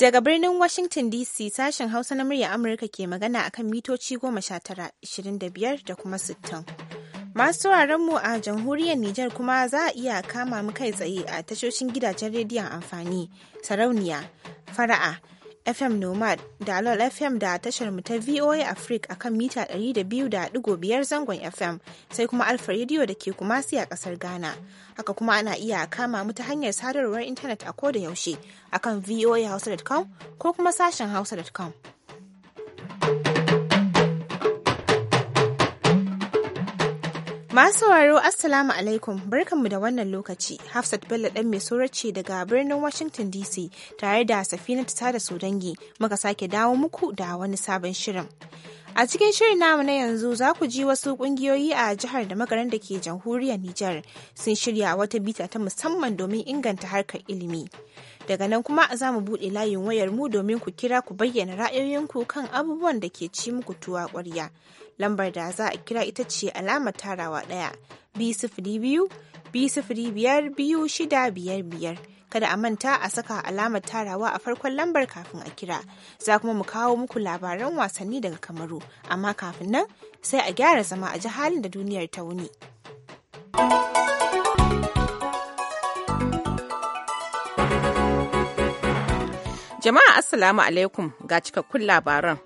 Daga birnin Washington DC sashen Hausa na murya Amurka ke magana akan mitoci goma sha tara, ishirin da biyar da kuma sittin. Masu mu a jamhuriyar Nijar kuma za a iya kama mu kai tsaye a tashoshin gidajen rediyon amfani, sarauniya, fara'a, FM Nomad da Alol FM da tashar mu ta VOA Africa akan mita 200.5 zangon FM sai kuma Alfa Radio da ke kumasi a kasar Ghana. Haka kuma ana iya kama mu ta hanyar sadarwar intanet a koda yaushe akan voahausa.com ko kuma sashen hausa.com. Masu sauraro Assalamu alaikum barkanmu da wannan lokaci Hafsat Bello dan mai ce daga birnin Washington DC tare da Safina ta da Sodangi muka sake dawo muku da wani sabon shirin. A cikin shirin namu na yanzu za ku ji wasu kungiyoyi a jihar da magaran da ke jamhuriyar Nijar sun shirya wata bita ta musamman domin inganta harkar ilimi. Daga nan kuma za mu buɗe layin wayar mu domin ku kira ku bayyana ra'ayoyinku kan abubuwan da ke ci muku tuwa ƙwarya. Lambar da za a kira ita ce alamar tarawa ɗaya, biyu sifili biyu, biyu biyar biyu shida biyar biyar. kada a manta a saka alamar tarawa a farkon lambar kafin a kira za kuma mu kawo muku labaran wasanni daga kamaru amma kafin nan sai a gyara zama a ji halin da duniyar ta wuni. Jama'a Assalamu alaikum ga cikakkun labaran.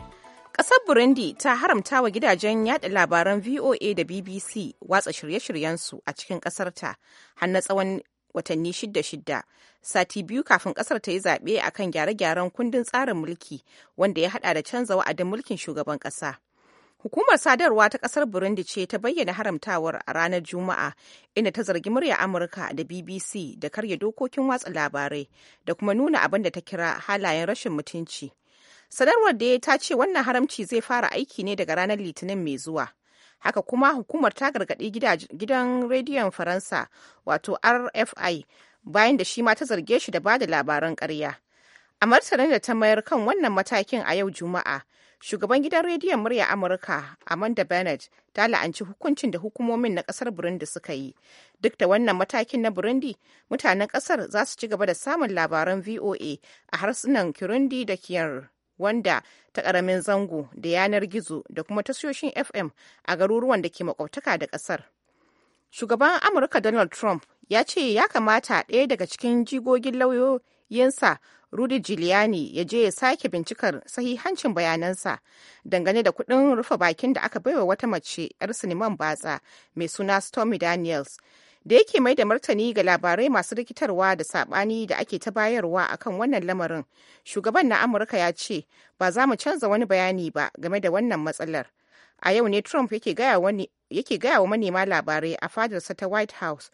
Ƙasar Burundi ta haramta wa gidajen yaɗa labaran VOA da BBC watsa shirye-shiryensu a cikin ƙasarta har na tsawon watanni shidda-shidda sati biyu kafin kasar ta yi zaɓe a kan gyare-gyaren kundin tsarin mulki wanda ya haɗa da canza wa'adin mulkin shugaban ƙasa. Hukumar sadarwa ta ƙasar Burundi ce ta bayyana haramtawar a ranar Juma'a inda ta zargi murya Amurka da BBC da karya dokokin watsa labarai da kuma nuna abin da ta kira halayen rashin mutunci. Sadarwar da ta ce wannan haramci zai fara aiki ne daga ranar Litinin mai zuwa. haka kuma hukumar ta gargaɗi gidan rediyon faransa wato rfi bayan da shi ma ta zarge shi da ba da labaran ƙarya a martanin da ta mayar kan wannan matakin a yau juma'a shugaban gidan rediyon murya amurka amanda bennett ta la'anci hukuncin da hukumomin na ƙasar burundi suka yi duk da wannan matakin na burundi mutanen ƙasar za su ci gaba da samun labaran voa a harsunan kirundi da kiyar wanda ta karamin zango da yanar gizo da kuma tashoshin FM a garuruwan da ke makwabtaka da ƙasar. Shugaban Amurka Donald Trump ya ce ya kamata ɗaya daga cikin jigogin lauyoyinsa Rudy Giuliani ya je ya sake bincikar sahihancin bayanansa dangane da kuɗin rufe bakin da aka baiwa wata mace 'yar siniman batsa mai suna Stormy Daniels da yake mai da martani ga labarai masu rikitarwa da sabani da ake ta bayarwa akan wannan lamarin shugaban na amurka ya ce ba za mu canza wani bayani ba game da wannan matsalar a yau ne trump yake gaya gaya wa manema labarai a fadarsa ta white house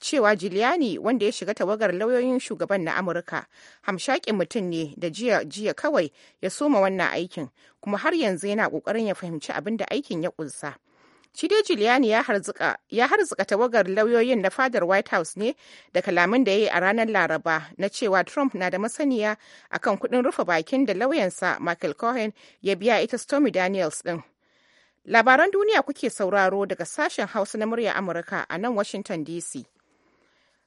cewa giuliani wanda ya shiga tawagar lauyoyin shugaban na amurka hamshakin mutum ne da jiya jiya kawai ya soma wannan aikin kuma har yanzu yana kokarin ya fahimci abin da aikin ya kunsa Shi dai Giuliani ya harzuka ya harzuka tawagar lauyoyin na fadar White House ne da kalamin da ya yi a ranar Laraba na cewa Trump na da masaniya a kan kudin rufe bakin da lauyansa Michael Cohen ya biya ita Stormy Daniels din. Labaran duniya kuke sauraro daga sashen Hausa na murya Amurka a nan Washington DC.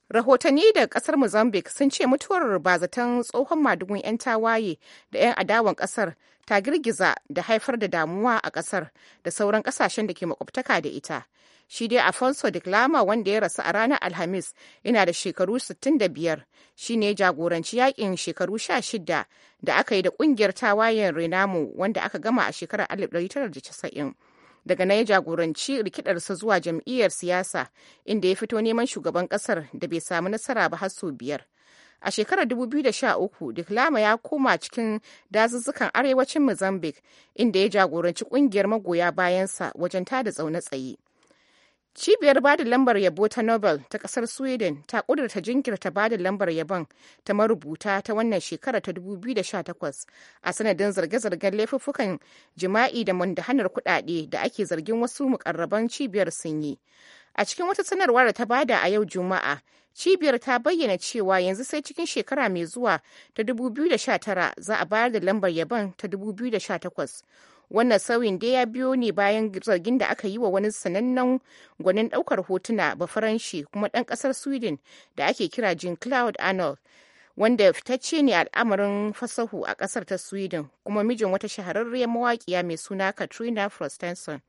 rahotanni daga kasar mozambique sun ce mutuwar bazatan tsohon madugun 'yan tawaye da 'yan adawan kasar ta girgiza da haifar da damuwa a kasar da sauran kasashen da ke makwabtaka da ita shi dai afonso de glama wanda ya rasu a ranar alhamis yana da shekaru 65 shine jagoranci yakin shekaru 16 da aka yi da kungiyar tawayen renamo wanda aka gama a shekarar 1990 daga na ya jagoranci rikidarsa zuwa jam'iyyar siyasa inda ya fito neman shugaban kasar da bai samu nasara ba har sau biyar a shekarar 2013 diklama ya koma cikin dazuzzukan arewacin mozambique inda ya jagoranci kungiyar magoya bayansa wajen tada zaune tsaye Cibiyar bada lambar yabo ta Nobel ta kasar Sweden ta kudurta jinkirta bada lambar yabon ta marubuta ta wannan shekara ta 2018 a sanadin zarge-zargen laifuffukan jima'i da mundahanar kudade da ake zargin wasu mukarraban cibiyar sun yi. A cikin wata sanarwa da ta bada a yau Juma'a, cibiyar ta bayyana cewa yanzu sai cikin shekara mai zuwa ta 2019 za a bayar da lambar yabon ta 2018. wannan sauyin da ya biyo ne bayan zargin da aka yi wa wani sanannen gwanin daukar hotuna bafaranshi kuma dan kasar sweden da ake kira jean claude arnold wanda fitacce ne al'amarin fasahu a kasar ta sweden kuma mijin wata shahararriyar mawaƙiya mai suna katrina frostenson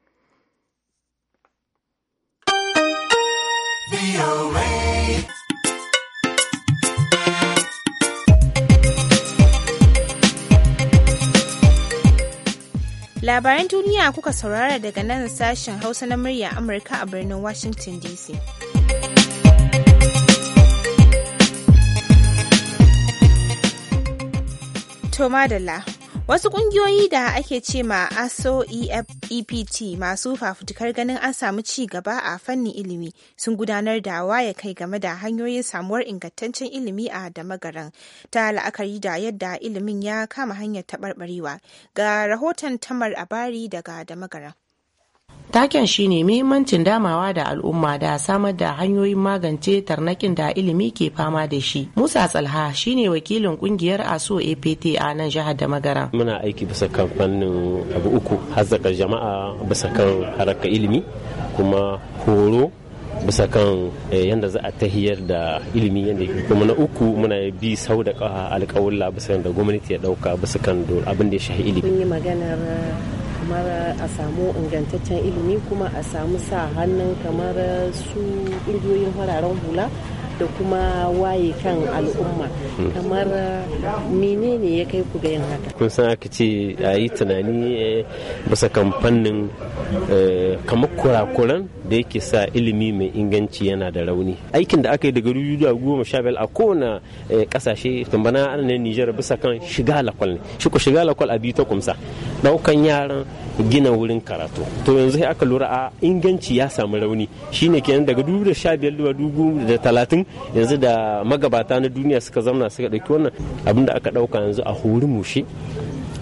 Labaran duniya kuka saurara daga nan sashen Hausa na murya Amurka a birnin Washington DC. To madalla. Wasu ƙungiyoyi da ake ce ma ASO EPT e masu fafutukar ganin an samu ci gaba a fannin ilimi sun gudanar da ya kai game da hanyoyin samuwar ingantaccen ilimi a damagaran ta la'akari da yadda ilimin ya kama hanyar taɓarɓarewa ga rahoton tamar abari daga damagaran. Taken shine muhimmancin damawa da al'umma da samar da hanyoyin magance tarnakin da ilimi ke fama da shi. Musa Tsalha shine wakilin kungiyar ASO APT a nan jihar da magara. Muna aiki bisa kan fannin abu uku, hazzaka jama'a bisa kan haraka ilimi, kuma horo bisa kan eh, yadda za a tahiyar da ilimi yadda kuma na uku muna bi sau da alƙawulla bisa da gwamnati ya ɗauka bisa kan abin da ya shahi ilimi. kamar a samu ingantaccen ilimi kuma a samu sa hannun kamar su ƙungiyoyin fararen hula da kuma waye kan al'umma hmm. kamar menene ya kai ku ga yin haka kun san aka ce a yi tunani eh, basa kan fannin eh, kamar kurakuran da yake sa ilimi mai inganci yana da rauni aikin da aka yi daga ruru da goma sha biyar a kowane kasashe eh, tambana ana ne nijar bisa kan shiga lakwal ne shi ku shiga lakwal a biyu ta kumsa daukan yaran gina wurin karatu to yanzu sai aka lura a inganci ya samu rauni shine kenan daga dubu da sha biyar zuwa dubu da talatin yanzu da magabata na duniya suka zamna suka ɗauki wannan abin da aka ɗauka yanzu a hori mushe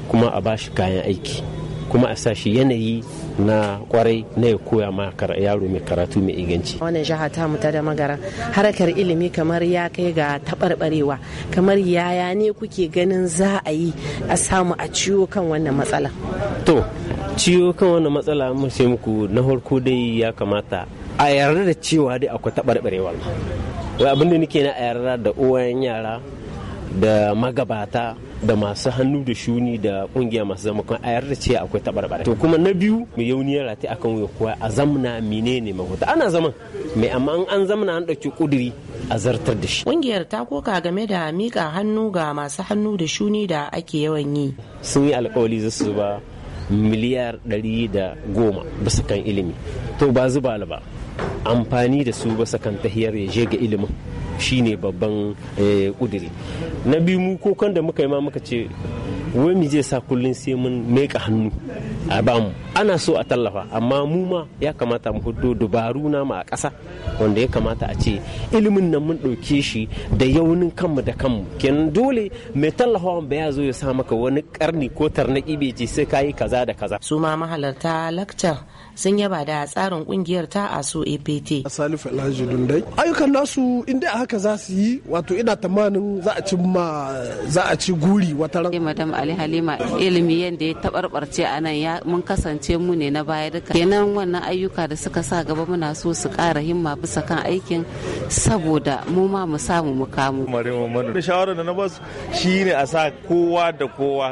kuma a bashi kayan aiki kuma a sashi yanayi na kwarai na ya koya ma yaro mai karatu mai inganci. wannan jiha ta mu ta da magara harkar ilimi kamar ya kai ga taɓarɓarewa kamar yaya ne kuke ganin za a yi a samu a ciwo kan wannan matsala. to ciwo kan wannan matsala mun sai muku na farko dai ya kamata a yarda da cewa dai akwai taɓarɓarewa wai abin da nake na a yarda da uwayen yara da magabata da masu hannu da shuni da kungiya masu zama kan a yarda ce akwai tabarbare to kuma na biyu mu ya rati akan wuya kuwa a zamna menene mahuta ana zaman mai amma an zamna an dauki kuduri a zartar da shi kungiyar ta koka game da mika hannu ga masu hannu da shuni da ake yawan yi sun yi alkawali za su ba miliyar 110 bisa kan ilimi to ba zuba la ba amfani da su bisa kan tahiyar ya je ga ilimin shine babban kudiri eh, na biyu mu kokan da muka yi ma muka ce wai mu je sa kullum sai mun meka hannu a bamu ana so a tallafa amma mu ma ya kamata mu hudu dubaru na ma a ƙasa wanda ya kamata a ce ilimin nan mun ɗauke shi da yaunin kanmu da kanmu ken dole mai tallafawa ba ya zo ya sa maka wani karni ko tarnaƙi bai ce sai kayi kaza da kaza su ma mahalarta lakcar sun yaba da tsarin kungiyar ta aso apt salif alhaji dundai ayyukan nasu inda a haka za su yi wato ina tamanin za a ci ma za a ci guri wata ran madam ali halima ilimi yadda ya tabarbarce a nan ya mun kasance mu ne na baya duka kenan wannan ayyuka da suka sa gaba muna so su kara himma bisa kan aikin saboda mu ma mu samu mu kamu da shawarar da na basu shine a sa kowa da kowa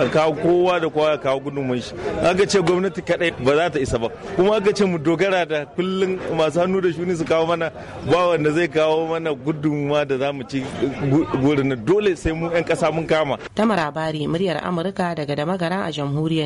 a kawo kowa da kowa ya kawo gudunmun shi aka ce gwamnati kadai ba za ta isa ba kuma aka ce mu dogara da kullun masu hannu da shuni su kawo mana ba wanda zai kawo mana gudunmuwa da za mu ci gurin dole sai mu 'yan kasa mun kama tamara bari muryar amurka daga damagara a jamhuriyar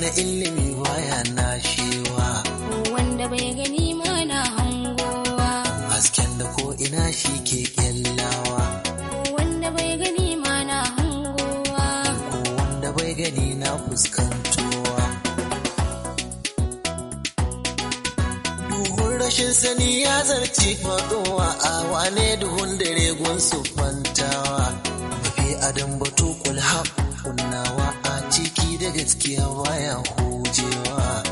na ilimi baya na nashewa wanda bai gani mana hangowa hasken da ko ina shi ke kyallawa wanda bai gani mana hangowa ko wanda bai gani na fuskantowa duhun rashin sani ya zarci faɗowa a wane duhun dare gunsu fantawa mafi adam batu kulhaf kunnawa da gaskiya baya hujewa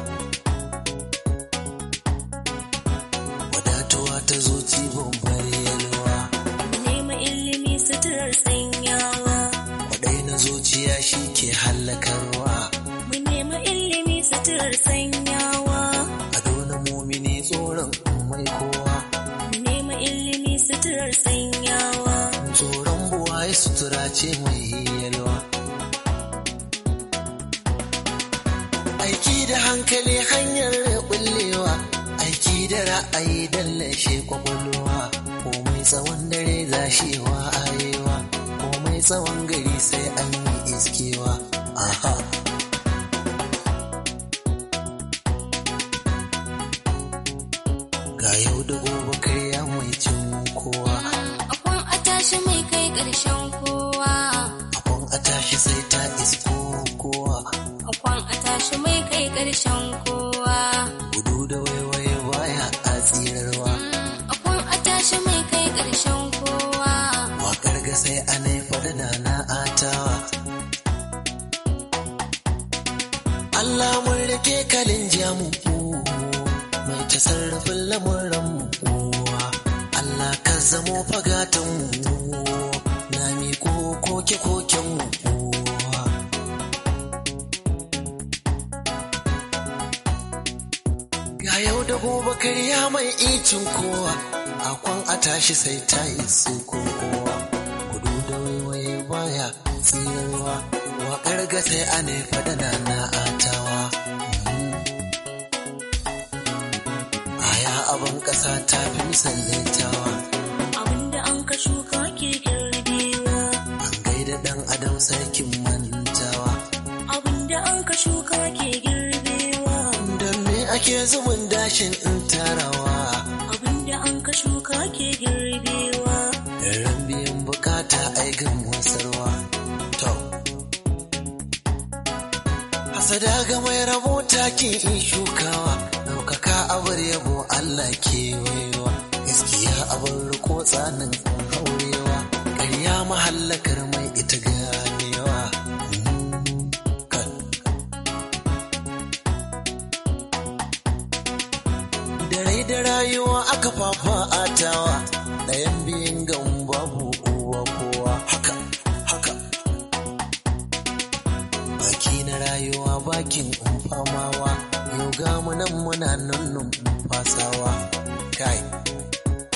wadatuwa ta zuci babbar yalwa nema ilimi suturar sanyawa kwadai na zuciya shi ke hallakarwa mu nema ilimi suturar sanyawa ado na mumini tsoron mai kowa mu nema ilimi suturar sanyawa tsoron buwaye sutura ce mai lallashe kwakwalwa komai tsawon dare za shi wa arewa komai tsawon gari sai an yi iskewa aha ga yau da gobe karya mai cin kowa akwai a tashi mai kai ƙarshen kowa akwai a tashi sai ta isko kowa akwai a tashi mai kai ƙarshen kowa gudu da waiwa ƙarshen kowa. Wakar sai a naifar da na atawa. Allah mun rike kalin jamu mai ta sarrafin lamuran kowa. Allah ka zamo fagatan mu na miko koke koken mu. Ga yau da gobe karya mai icin kowa. sakon a tashi sai ta iso kowa kudu da waiwaye baya tsirarwa waƙar ga sai a ne fada na na'atawa aya abin ƙasa ta fi misallaitawa abinda an ka shuka ke girbewa an gaida ɗan adam sarkin mantawa abinda an ka shuka ke girbewa don me ake zubin dashin in tarawa ke girbewa. biyan bukata aikin To. Hasada ga mai rabo ke in shukawa, ɗaukaka abar yabo Allah ke waiwa. Gaskiya abar riko tsanin haurewa, ƙarya mahallakar mai ita ganewa. Hmm, da rai da rayuwa aka fafa da yan biyun gan babu uwa kowa haka haka baki na rayuwa bakin umfamawa yau ga mu nan muna nunnun fasawa kai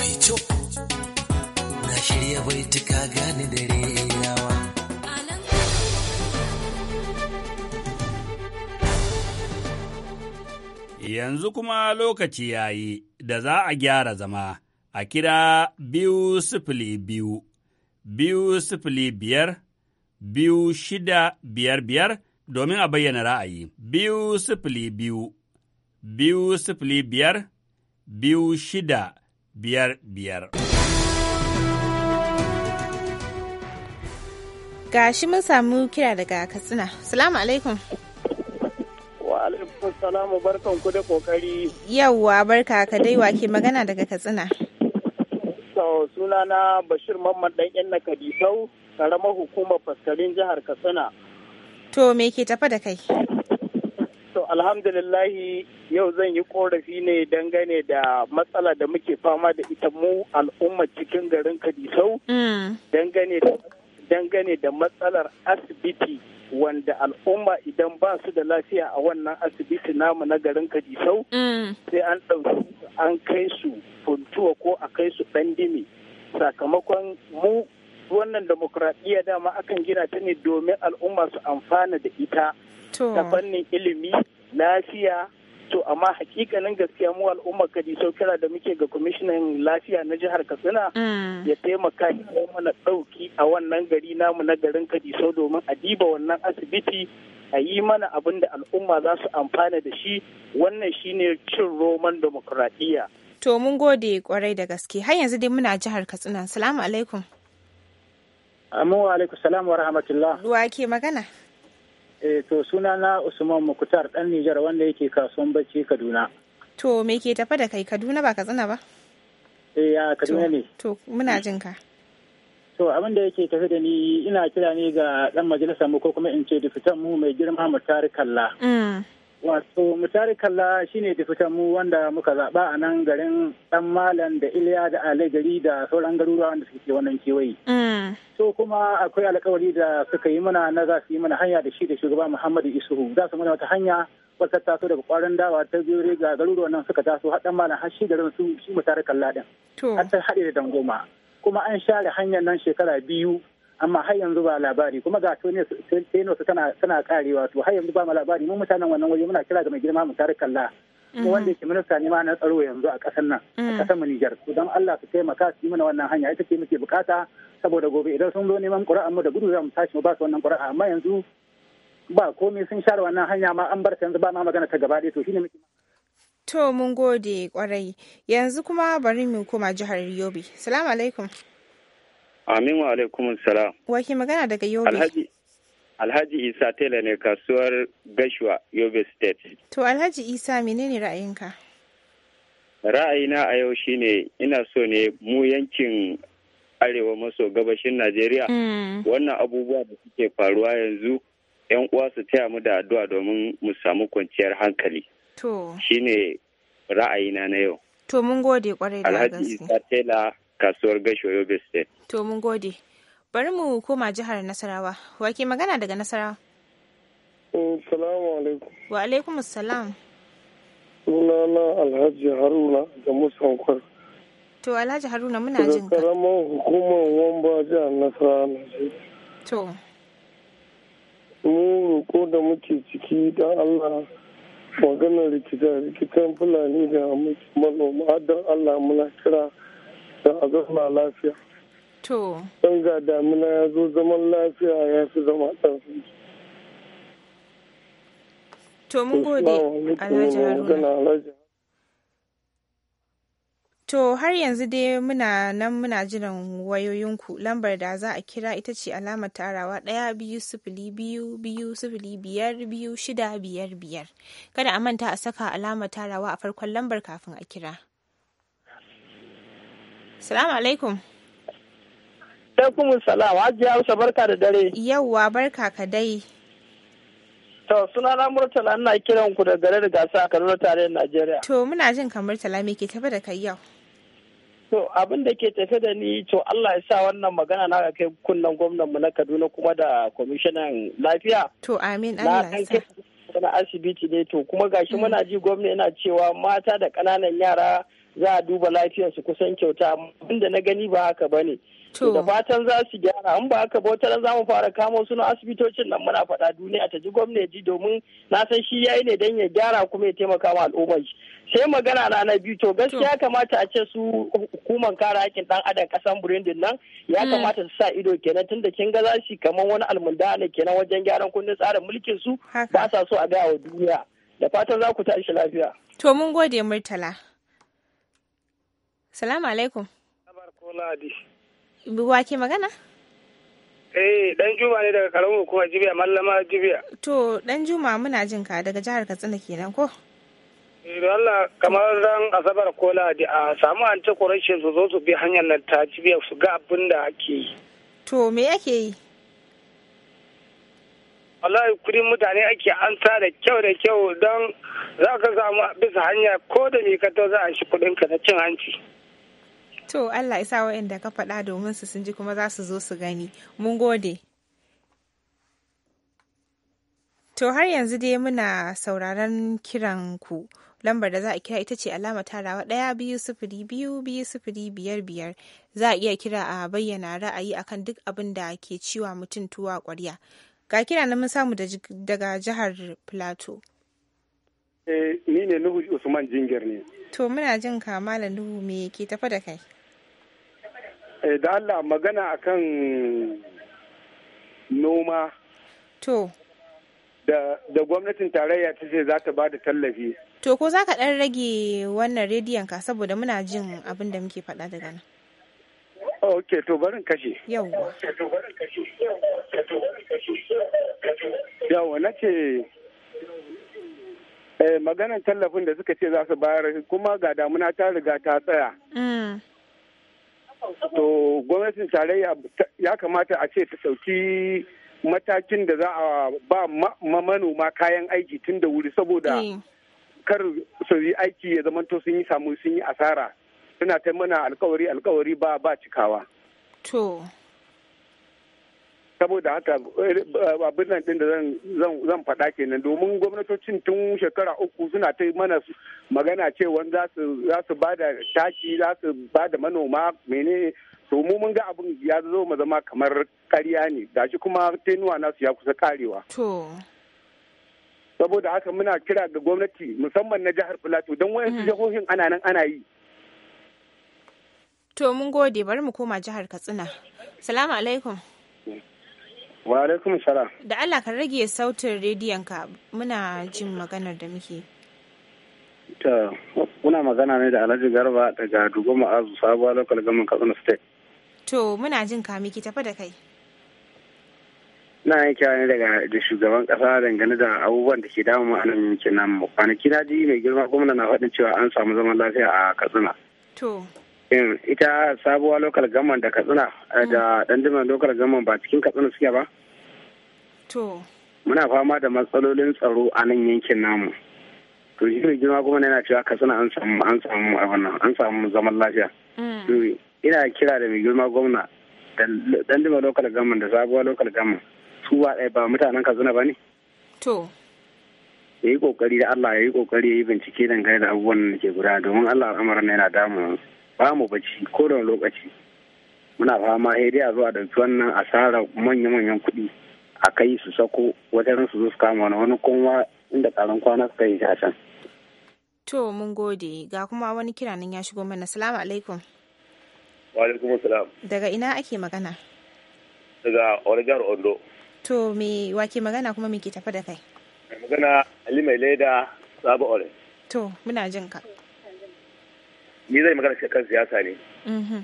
ficho na shirya baituka gani dare yawa yanzu kuma lokaci ya yi da za a gyara zama a kira biyu sifili biyu, biyu sifili biyar, biyu shida biyar biyar domin a bayyana ra'ayi, biyu sifili biyu, biyu sifili biyar, biyu shida biyar biyar. Gashi mun samu kira daga Katsina. Salamu alaikum. alaikum salamu barkan ku da kokari. Yawwa barka ka dai wake magana daga Katsina. So na Bashir Mamman dan yan na Kadisau, karamar hukumar faskarin jihar Katsina. To me ke tafa da kai? To alhamdulillahi yau zan yi korafi ne dangane da matsala da muke fama da ita mu al'ummar cikin garin Kadisau. Mm. Dangane da matsalar asibiti wanda al'umma idan ba su da lafiya a wannan asibiti namu na garin Kadisau mm. sai an ɗauki an kai su funtuwa ko a kai su ɗan dimi sakamakon mu wannan demokuraɗiyya dama akan gina ta ne domin al'umma su amfana da ita ta fannin ilimi lafiya to amma hakikanin gaskiya mu al'ummar kadi sau kira da muke ga kwamishinan lafiya na jihar katsina mm. ya taimaka ya mana ɗauki a wannan gari namu na garin kadi domin a diba wannan asibiti a yi mana abin da al'umma za su amfana da shi wannan shine cin roman demokuraɗiyya. to mun gode kwarai da gaske har yanzu dai muna jihar katsina salamu alaikum amma wa alaikum salam wa rahmatullah ruwa ke magana Eh, to suna na Usman mukutar ɗan Nijar wanda yake kasuwan bacci Kaduna. To me ke tafa da kai Kaduna ba Katsina ba? Eh, ya Kaduna ne. To muna jin ka. To abin da yake tafi da ni ina kira ne ga ɗan majalisar mu ko kuma in ce da mu mai girma mu tari kalla. Mm. wato mutari kalla shine da mu wanda muka zaɓa a nan garin dan malam da iliya da alegari da sauran garuruwa da suke wannan kewaye mm. so kuma akwai alkawari da suka yi mana na za su yi mana hanya da shi da shugaba muhammadu isuhu za su mana wata hanya wata taso daga kwarin dawa ta biyu ga garuruwa nan suka taso haɗan malam har shi garin su shi mutari kalla din har ta haɗe da dangoma kuma an share hanyar nan shekara biyu amma har yanzu ba labari kuma ga tenos tana tana karewa to har yanzu ba mu labari mu mutanen wannan waje muna kira ga mai girma mu tare kalla kuma mhm. wanda ke minista ne ma na tsaro yanzu a kasar nan a mhm. ƙasar mu Niger to dan Allah su taimaka su yi mana wannan hanya ita ce muke bukata saboda gobe idan sun zo neman ƙura'an mu da gudu za mu tashi mu ba su wannan ƙura'a amma yanzu ba komai sun share wannan hanya ma an bar yanzu ba ma magana ta gaba to shine muke To mun gode kwarai yanzu kuma bari mu koma jihar Yobe. Salamu alaikum. Amin wa alaikum salam. Wahi magana daga Yobe. Alhaji Alhaji Isa Taylor ne kasuwar Gashua Yobe State. To Alhaji Isa menene ra'ayinka? Ra'ayina a yau shine ina so ne mu yankin arewa maso gabashin Najeriya hmm. wannan abubuwa da suke faruwa yanzu 'yan uwa su taya mu da addu'a domin mu samu kwanciyar hankali. To. Shine ra'ayina na yau. To mun gode kwarai da gaske. Alhaji Isa Taylor kasuwar gasho yobe state to mun gode bari mu koma jihar nasarawa wake magana daga nasarawa oh, Salamu alaikum. Wa alaikum salam. na Alhaji Haruna da Musankwar. To Alhaji Haruna muna jin ka. Karamar hukumar Wamba jihar Nasarawa Najeriya. To. Mu roƙo da muke ciki don Allah maganar rikita rikitan Fulani da manoma don Allah muna kira don a zama lafiya to don ga damina ya zo zaman lafiya ya fi zama ɗansu to mun gode alhaji haruna To har yanzu dai muna nan muna jiran wayoyinku lambar da za a kira ita ce alamar tarawa ɗaya biyu sifili biyu biyu sifili biyar biyu shida biyar biyar. Kada a manta a saka alamar tarawa a farkon lambar kafin a kira. Salamu alaikum. Alaikum salam, Hajiya Hausa barka da dare. Yawwa barka ka dai. To suna na Murtala ina kiran ku da da gasa a Kaduna tarayyar Najeriya. To muna jin ka Murtala me ke tafe da kai yau? To abin da ke tafe da ni to Allah ya sa wannan magana na kai kunnen gwamnan mu na Kaduna kuma da kwamishinan lafiya. To amin Allah ya sa. Na asibiti ne to kuma gashi mm. muna ji gwamna yana cewa mata da ƙananan yara za a duba lafiyarsu kusan kyauta da na gani ba haka ba ne da fatan za su gyara an ba haka ba wata za mu fara kamo su na asibitocin nan muna faɗa duniya ta ji gwamnati domin na san shi yayi ne don ya gyara kuma ya taimaka ma al'ummar shi sai magana na na biyu to gaskiya kamata a ce su hukumar kare hakkin dan adam kasan burundin nan ya mm. kamata su sa ido kenan tunda kin ga za shi kamar wani ne kenan wajen gyaran kundin tsarin mulkin su ba sa so a gaya wa duniya da fatan za ku tashi lafiya to mun gode murtala Salamu alaikum. Wa ke magana? Eh, dan Juma ne daga karamu kuma Jibiya, Mallama Jibiya. To, dan Juma muna jin ka daga jihar Katsina kenan ko? eh Allah kamar ran Asabar ko ladi a samu an ci kurashin su zo su bi hanyar nan ta Jibiya su ga abin da ake yi. To, me yake yi? wallahi kudin mutane ake an sa da kyau da kyau don za ka samu bisa hanya ko da mai ka za a shi ka na cin hanci. To Allah isa wa'inda ka faɗa domin su sun ji kuma za su zo su gani. Mun gode. To har yanzu dai muna sauraron kiran ku. Lambar da za a kira ita ce alama tarawa ɗaya biyu sufuri biyu biyu sufuri biyar biyar. Za a iya kira a bayyana ra'ayi akan duk abin da ke ciwa mutum tuwa ƙwarya. Ga kira na mun samu daga jihar Plateau. Eh, ni ne Nuhu Usman Jingir ne. To muna jin ka Malam Nuhu me ke tafa da kai? Eh, da Allah magana akan noma da gwamnatin tarayya ta ce za ta ba da tallafi to ko za ka ɗan rage wannan rediyon ka saboda muna jin abin da muke faɗa daga nan ok to barin kashe yawwa yawwa na ce eh, maganan tallafin da suka ce za su bayar kuma ga damuna ta riga ta tsaya mm. to gwamnatin tarayya ya kamata a ce ta sauki matakin da za a ba manoma kayan aiki tun da wuri saboda eh. kar su yi aiki ya zamanto sun yi samu sun yi asara suna ta mana alkawari alkawari ba ba cikawa saboda haka eh, abin nan din da zan faɗa kenan domin gwamnatocin tun shekara uku suna ta mana magana cewa za su ba da taki za su ba manoma mene to mu mun ga abin ya zo mu zama kamar ƙarya ne gashi kuma tenuwa nasu ya kusa karewa saboda haka muna kira ga gwamnati musamman na jihar plateau don wayansu mm. jihohin ana nan ana yi to mun gode bari mu koma jihar katsina salamu alaikum mm. Wa alaikum salam. Da Allah ka rage sautin rediyon ka muna jin maganar da muke. Ta muna magana ne da Alhaji Garba daga Dugo Ma'azu Sabuwa Local Government Katsina State. To muna jin ka miki tafi da kai. na yin kira ne daga da shugaban kasa dangane da abubuwan da ke damu a nan yankin namu kwanaki na ji mai girma gwamna na faɗin cewa an samu zaman lafiya a katsina. to Eh, ita sabuwa lokal gaman da katsina eh, mm. da danduman lokal gaman ba cikin katsina suke ba to muna fama da matsalolin tsaro a nan yankin namu to shi ne girma kuma yana cewa katsina an samu an samu an samu zaman lafiya mm. to ina kira da mai girma gwamna da danduman lokal gaman da sabuwa lokal gaman su ba ɗaya ba mutanen katsina ba ne to ya yi kokari da Allah ya yi kokari ya yi bincike dangane da abubuwan da ke guda domin Allah al'amarin yana damu ba mu bacci ko da lokaci muna fama sai dai a zuwa da wannan asara manya-manyan kuɗi a kai su sako wajen su zo su kama wani wani kuma inda karan kwana suka yi a can. To mun gode ga kuma wani kiranin ya shigo mana salamu alaikum. Wa alaikum salam. Daga ina ake magana? Daga Origar Ondo. To me wake magana kuma me ke tafi da kai? Magana Ali Mai Leda Sabo Ore. To muna jin ka. ni zai magana shi kan siyasa ne mm-hmm.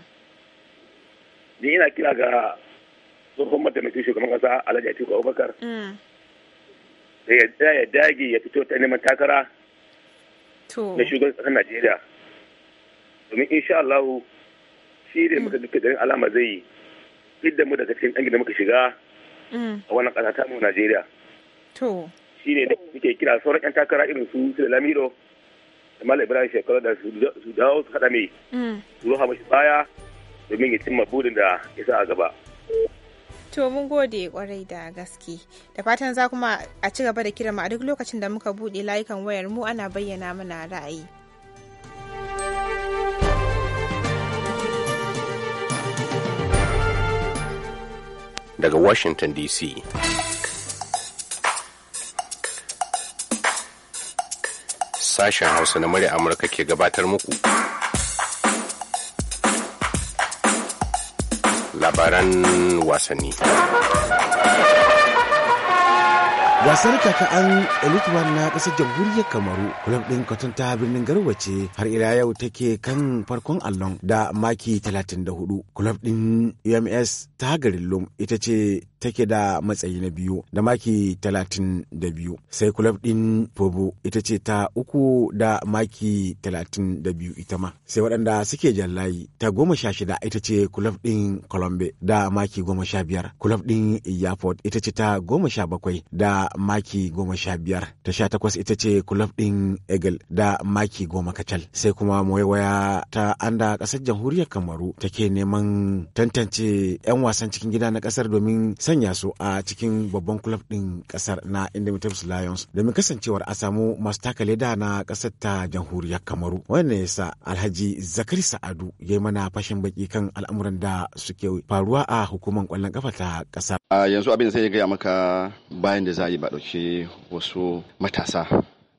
ni ina kira ga tsohon mataimakin shugaban kasa alhaji atiku abubakar mm. da ya ya dage ya fito ta neman takara na shugaban kasar najeriya domin insha Allah shi ne mm. muka duka garin alama zai yi fidda mu daga cikin ɗangin da muka shiga mm. a wannan ƙasa ta mu najeriya shi ne da muke kira sauran 'yan takara irin su su da lamido da ibrahim shekaru da su dawo su haɗa mai mm. su roha mashi baya domin ya cimma burin da ya sa a gaba To mun gode kwarai da gaske. Da fatan za kuma a ci gaba da kira mu a duk lokacin da muka buɗe layukan wayar mu ana bayyana mana ra'ayi. Daga Washington DC. sashen Hausa na murya Amurka ke gabatar muku. Labaran wasanni. gasar kaka'an elite one na ƙasar jamhuriyar kamaru kulob ɗin Kwatanta ta birnin garwace har ila yau take kan farkon allon da maki 34 kulob ɗin ums ta garin lum ita ce take da matsayi na biyu da maki talatin da biyu sai kulab din fobo ita ce ta uku da maki talatin da biyu ita ma sai waɗanda suke jallayi ta goma sha shida ita ce kulab din colombe da maki goma sha biyar kulab din yaport ita ce ta goma sha bakwai da maki goma sha biyar ta sha takwas ita ce kulab din Egal da maki goma kacal sai kuma waiwaya ta anda ƙasar jamhuriyar kamaru take neman tantance 'yan wasan cikin gida na ƙasar domin sanya su a cikin babban kulab ɗin ƙasar na indomitable Lions da domin kasancewar a samu masu taka leda na ƙasar ta jamhuriyar Kamaru. Wannan ya sa Alhaji Zakari Sa'adu ya yi mana fashin baki kan al'amuran da suke faruwa a hukumar kwallon ƙafa ta ƙasar. yanzu abin da zai gaya maka bayan da za a yi ba ɗauki wasu matasa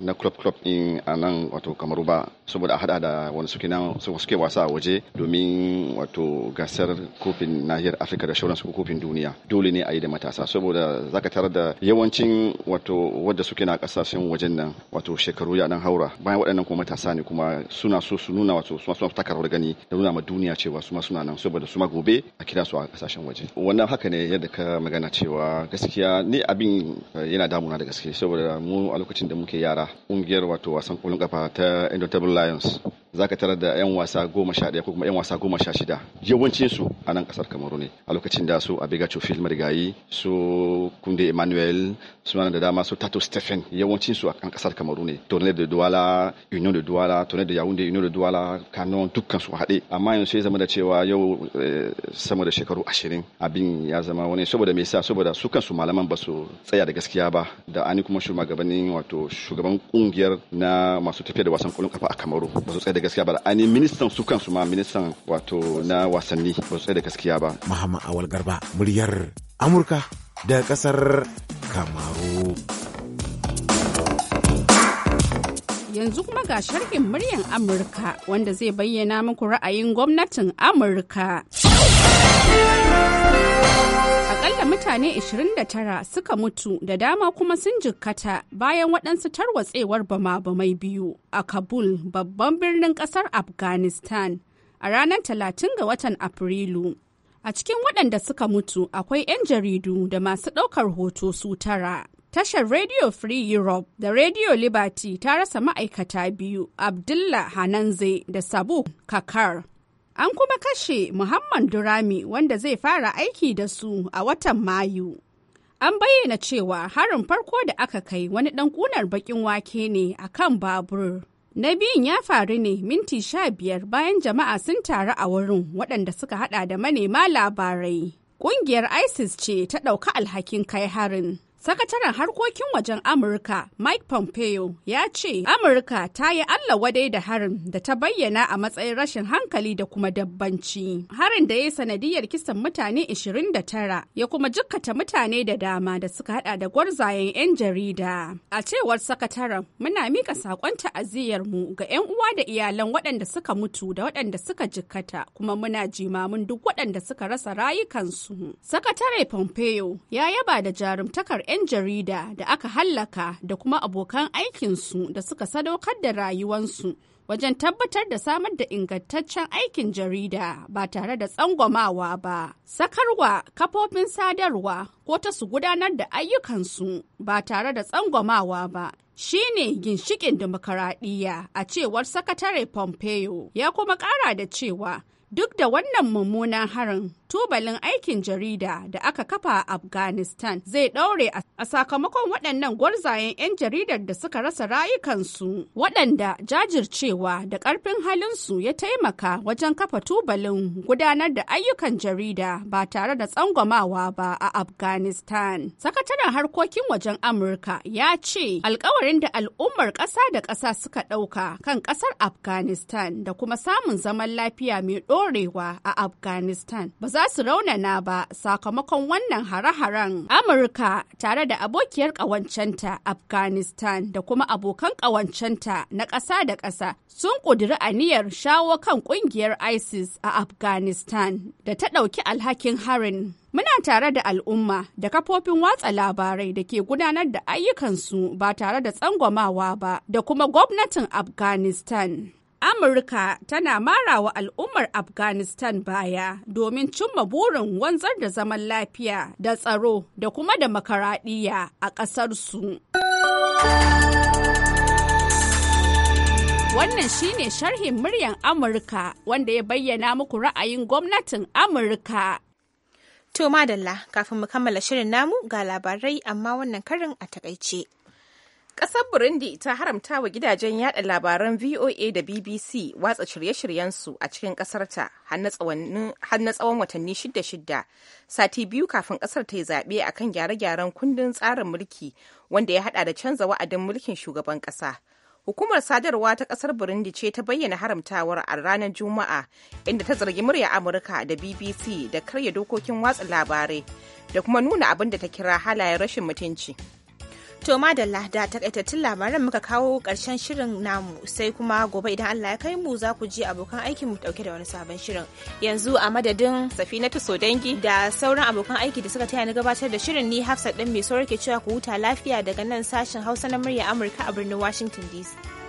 na club club din a nan wato kamaru ba saboda a hada da wani suke na suke wasa a waje domin wato gasar kofin nahiyar afirka da shauransu kofin duniya dole ne a yi da matasa saboda zaka tare da yawancin wato wadda suke na kasashen wajen nan wato shekaru ya nan haura bayan waɗannan kuma matasa ne kuma suna so su nuna wato suna suna da gani da nuna ma duniya cewa su ma suna nan saboda su ma gobe a kira su a kasashen waje wannan haka ne yadda ka magana cewa gaskiya ni abin eh, yana damuna da gaske saboda mu a lokacin da muke yara ƙungiyar wato wasan ƙwallon kafa ta indotable Lions. za ka tarar da 'yan wasa goma sha ɗaya ko kuma 'yan wasa goma sha shida yawancinsu a nan kasar kamaru ne a lokacin da su abiga cofil marigayi su kunde emmanuel suna da dama su tato stephen yawancinsu a kan kasar kamaru ne tonel da duwala union da duwala tonel da da union da duwala kanon dukkan su haɗe amma yanzu ya zama da cewa yau eh, sama da shekaru ashirin abin ya zama wani saboda me yasa saboda su kansu malaman ba su tsaya da gaskiya ba da ani kuma shugabannin wato shugaban kungiyar na masu tafiya da wasan kwallon kafa a kamaru ba su tsaya da gaskiya ba ani ministan su kansu ma ministan wato na wasanni ba su da gaskiya ba muhammad awal garba muryar amurka da kasar kamaru yanzu kuma ga sharhin muryan amurka wanda zai bayyana muku ra'ayin gwamnatin amurka Akalla mutane 29 suka mutu da dama kuma sun jikkata bayan waɗansu tarwatsewar bama-bamai biyu a Kabul babban birnin ƙasar Afghanistan a ranar 30 ga watan Afrilu. A cikin waɗanda suka mutu akwai 'yan jaridu da masu ɗaukar hoto su tara. Tashar Radio Free Europe da Radio Liberty ta rasa ma'aikata biyu, Abdullah Hananze da Sabu Kakar. An kuma kashe Muhammad Durami wanda zai fara aiki da su a watan Mayu. An bayyana cewa harin farko da aka kai wani ɗan ƙunar baƙin wake ne a kan babur. Na biyun ya faru ne minti sha biyar bayan jama'a sun taru a wurin waɗanda suka haɗa da manema labarai. Ƙungiyar ISIS ce ta ɗauka alhakin kai harin. Sakataren harkokin wajen Amurka Mike Pompeo ya ce Amurka ta yi Allah wadai da harin da ta bayyana a matsayin rashin hankali da kuma dabbanci. Harin da ya yi sanadiyar kisan mutane 29 ya kuma jikkata mutane da dama da suka hada da gwarzayen 'yan jarida. A cewar sakataren muna mika saƙon ta'aziyyar mu ga 'yan uwa da iyalan waɗanda suka mutu da waɗanda suka jikkata kuma muna jimamin duk waɗanda suka rasa rayukansu. Sakatare Pompeo ya yaba da jarumtakar 'yan jarida da aka hallaka da kuma abokan aikinsu da suka sadaukar da rayuwansu wajen tabbatar da samar da ingantaccen aikin jarida ba tare da tsangwamawa ba sakarwa kafofin sadarwa ko ta su gudanar da ayyukansu ba tare da tsangwamawa ba shine ginshikin dimokuraɗiyya a cewar sakatare pompeo ya kuma ƙara da cewa duk da wannan mummunan harin tubalin aikin jarida da aka kafa a Afghanistan zai ɗaure a sakamakon waɗannan gwarzayen 'yan jaridar da suka rasa rayukansu waɗanda jajircewa da ƙarfin halinsu ya taimaka wajen kafa tubalin gudanar da ayyukan jarida ba tare da tsangwamawa ba a Afghanistan. Sakataren harkokin wajen Amurka ya ce alkawarin da al'ummar ƙasa da ƙasa suka ɗauka kan ƙasar Afghanistan da kuma samun zaman lafiya mai ɗorewa a Afghanistan ba za za su raunana ba sakamakon wannan hare-haren amurka tare da abokiyar ƙawancenta afghanistan da kuma abokan ƙawancenta na ƙasa da ƙasa sun ƙudiri aniyar shawo kan ƙungiyar isis a afghanistan da ta ɗauki alhakin harin Muna tare da al'umma da kafofin watsa labarai da ke gudanar da ayyukansu ba tare da tsangwamawa ba da kuma gwamnatin Afghanistan. Amurka tana marawa al'ummar Afghanistan baya domin cimma burin wanzar da zaman lafiya da tsaro da kuma demokaradiyya a ƙasarsu. Wannan shine sharhin muryan Amurka wanda ya bayyana muku ra'ayin gwamnatin Amurka. To madalla kafin mu kammala shirin namu ga labarai amma wannan karin a takaice. Ƙasar Burundi ta haramta wa gidajen yada labaran VOA da BBC watsa shirye-shiryensu a cikin ƙasarta har na tsawon watanni shida-shida, sati biyu kafin ƙasar ta yi zaɓe a kan gyare-gyaren kundin tsarin mulki wanda ya haɗa da canza wa'adin mulkin shugaban ƙasa. Hukumar sadarwa ta ƙasar Burundi ce ta bayyana haramtawar a ranar Juma'a inda ta zargi murya Amurka da BBC da karya dokokin watsa labarai da kuma nuna abin da ta kira halayen rashin mutunci. To madalla da takaitattun labaran muka kawo ƙarshen shirin namu sai kuma gobe idan Allah ya kai mu za ku ji abokan aikin mu dauke da wani sabon shirin. Yanzu a madadin Safinatu Sodangi da sauran abokan aiki da suka taya ni gabatar da shirin ni Hafsat ɗin mai ke cewa ku huta lafiya daga nan sashen Hausa na murya Amurka a birnin Washington DC.